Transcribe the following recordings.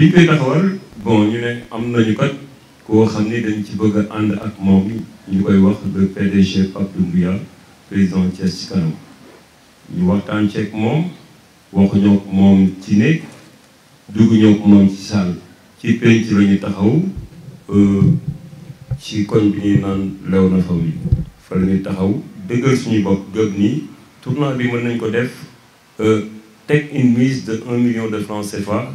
biñ koy taxawal bon ñu ne am kat koo xam dañ ci bëgg a ak wax le PDG président Thiès ci kanam ñu waxtaan ceeg moom ci moom ci salle ci penc ñu taxaw euh, ci koñ bi ñuy naan fa la ñu taxaw dëggal suñu bopp gëm euh, une mise de 1 million de francs CFA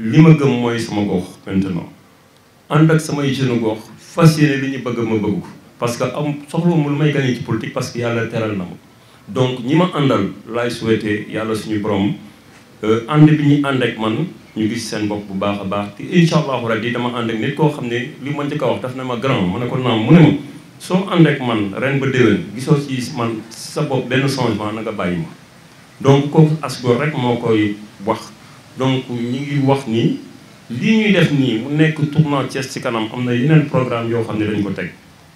li ma gëm mooy sama gox maintenant ànd ak samay jeune gox fas yéene li ñu bëgg ma bëgg parce que am soxla mu lu may gagné ci politique parce que yàlla teral na ma donc ñi ma àndal laay souhaité yàlla suñu borom euh, ànd bi ñu ànd ak man ñu gis seen bopp bu baax a baax te incha allahu rabbi dama ànd ak nit koo xam ne li ma njëkk a wax daf na ma grand ma ne ko naam mu ne ma soo ànd ak man ren ba déwén gisoo ci man sa bopp benn changement na nga bàyyi ma donc kooku donc ñu ngi wax ni li ñuy def nii mu nekk programme ne ko teg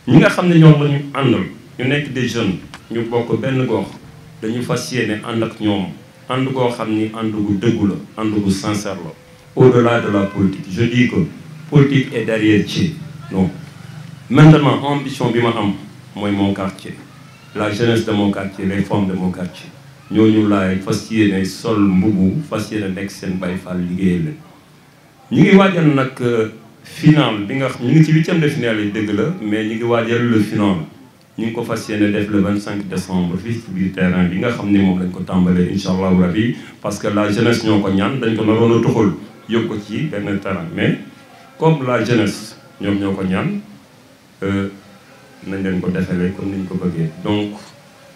ñi nga ne ñoom la ñu des jeunes ñu bokk benn goox dañu fas yéene ñoom au-delà de la politique je dis que politique est derrière maintenant ambition bi mon quartier la jeunesse de mon quartier les femmes de mon quartier ñooñu laay fas yéene sol mbubu fas yéene nekk seen Baay Faal liggéeyal leen ñu ngi waajal nag euh, final bi nga xam ñu ngi ci huitième de final yi dëgg la mais ñu ngi waajal le final ñu ngi ko fas yéene def le 25 décembre fii ci biir terrain bi nga xam ne moom lañ ko tàmbalee incha allahu rabi parce que la jeunesse ñoo ko ñaan dañ ko naroon a tuxal yóbbu ko ci benn terrain mais comme la jeunesse ñoom ñoo ko ñaan euh, nañ leen ko defalee comme ni ko bëggee donc.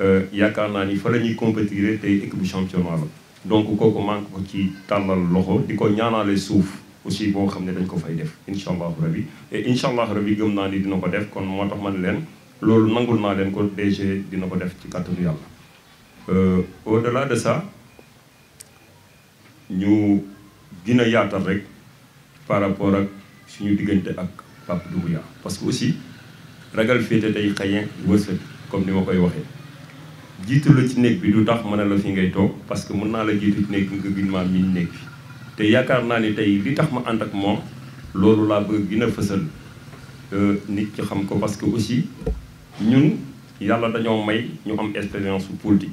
Euh, yaakaar naa ni fa la ñuy compétir tey équipe championnat la donc kooku manque ko ci tàllal loxo di ko ñaanaale suuf aussi boo xam ne dañ ko fay def incha allahu rabi et incha allahu rabi gëm naa ni dina ko def kon moo tax man leen loolu nangul naa leen ko DG dina ko def ci kàttanu yàlla euh, au delà de ça ñu gën a yaatal rek par rapport ak suñu diggante ak Pape Doumbouya parce que aussi ragal féete tey xëy wërsëg comme ni ma koy waxee jiitu la ci néeg bi du tax mën a la fi ngay toog parce que mën naa la jiitu ci néeg bi nga gën maa miin néeg bi te yaakaar naa ni tey li tax ma ànd ak moom loolu laa bëgg gën a fësal euh, nit ci xam ko parce que aussi ñun yàlla dañoo may ñu am expérience politique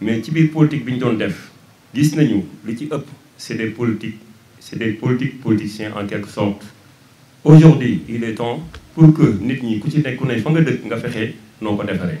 mais ci biir politique bi ñu doon def gis nañu li ci ëpp c'est des politiques c'est des politiques politiciens en quelque sorte aujourd'hui il est temps pour que nit ñi ku ci nekk ku ne fa nga dëkk nga fexe noo ko defaree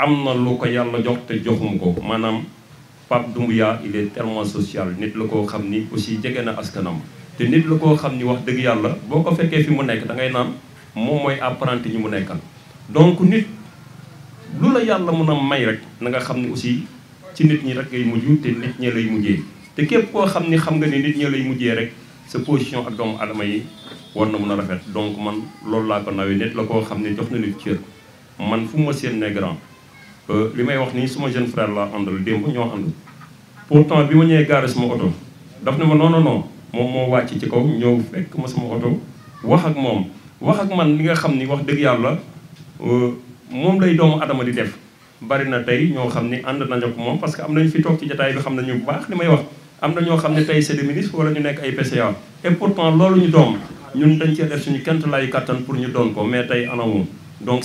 am na lu ko yàlla jox te joxum ko maanaam Pape Doumbouya il est tellement social nit la koo xam ni aussi jege na askanam te nit la koo xam ni wax dëgg yàlla boo ko fekkee fi mu nekk da ngay naan moom mooy apprenti ñi mu nekkal donc nit lu la yàlla mun a may rek na nga xam ni aussi ci nit ñi rek ngay mujj te nit ñee lay mujjee te képp koo xam ni xam nga ni nit ñee lay mujjee rek sa position ak doomu adama yi war na mën a rafet donc man loolu laa ko nawee nit xam ne jox na nit man fu ma seen Euh, li may wax nii suma jeune frère laa àndal démb ñoo ànd pourtant bi ma ñëwee gaare sama oto daf ne ma non non non moom moo wàcc ci kaw ñëw fekk ma sama oto wax ak moom wax ak man li nga xam ni wax dëgg yàlla euh, moom lay doomu adama di def bari na tey ñoo xam ni ànd nañu ko moom parce que am nañu fi toog ci jataay bi xam nañu bu baax li may wax am na ñoo xam ne tey c'est des ministres wala ñu nekk ay PCA et pourtant loolu ñu doom ñun dañ cee def suñu kent laayu kàttan pour ñu doon ko mais tey ana moom donc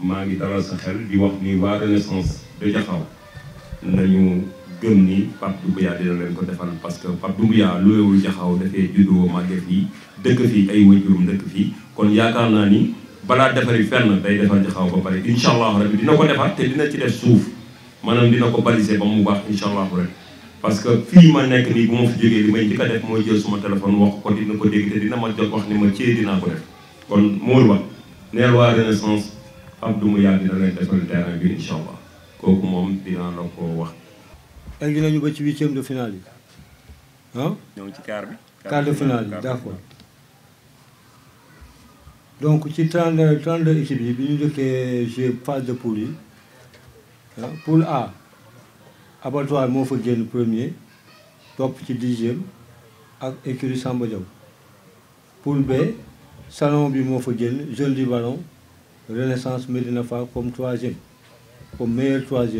maa ngi dalal sa xel di wax ni waa renaissance de Jaxaw nañu gëm ni Pape Doumbouya dina leen ko defal parce que Pape Doumbouya luweewul Jaxaw dafee juddoo màggee fii dëkk fii ay waajuram dëkk fii kon yaakaar naa ni balaa defari fenn day defal Jaxaw ba pare incha allahu rabi dina ko defar te dina ci def suuf maanaam dina ko baliser ba mu baax incha allahu rabi parce que fii ma nekk nii bu ma fi jógee li may njëkk a def mooy jël suma téléphone wax ko dina ko dégg te dina ma jot wax ni ma cee dinaa ko def kon moolu wax neel waa renaissance am duma yàlla dina leen defal terrain bi incha allah kooku moom dinaa la ko wax. egg dinañu ba ci huitième de finale yi ah. ñëw ci quart bi. quart de finale yi d' accord donc ci trente trente deux équipes yi bi ñu dëkkee joué phase de poule yi hein, poule A Abattoir moo fa génn premier topp ci dixième ak écurie Samba Diaw poule B salon bi moo fa génn Jeune du Ballon. Renaissance Medina fa comme troisième, comme meilleur troisième.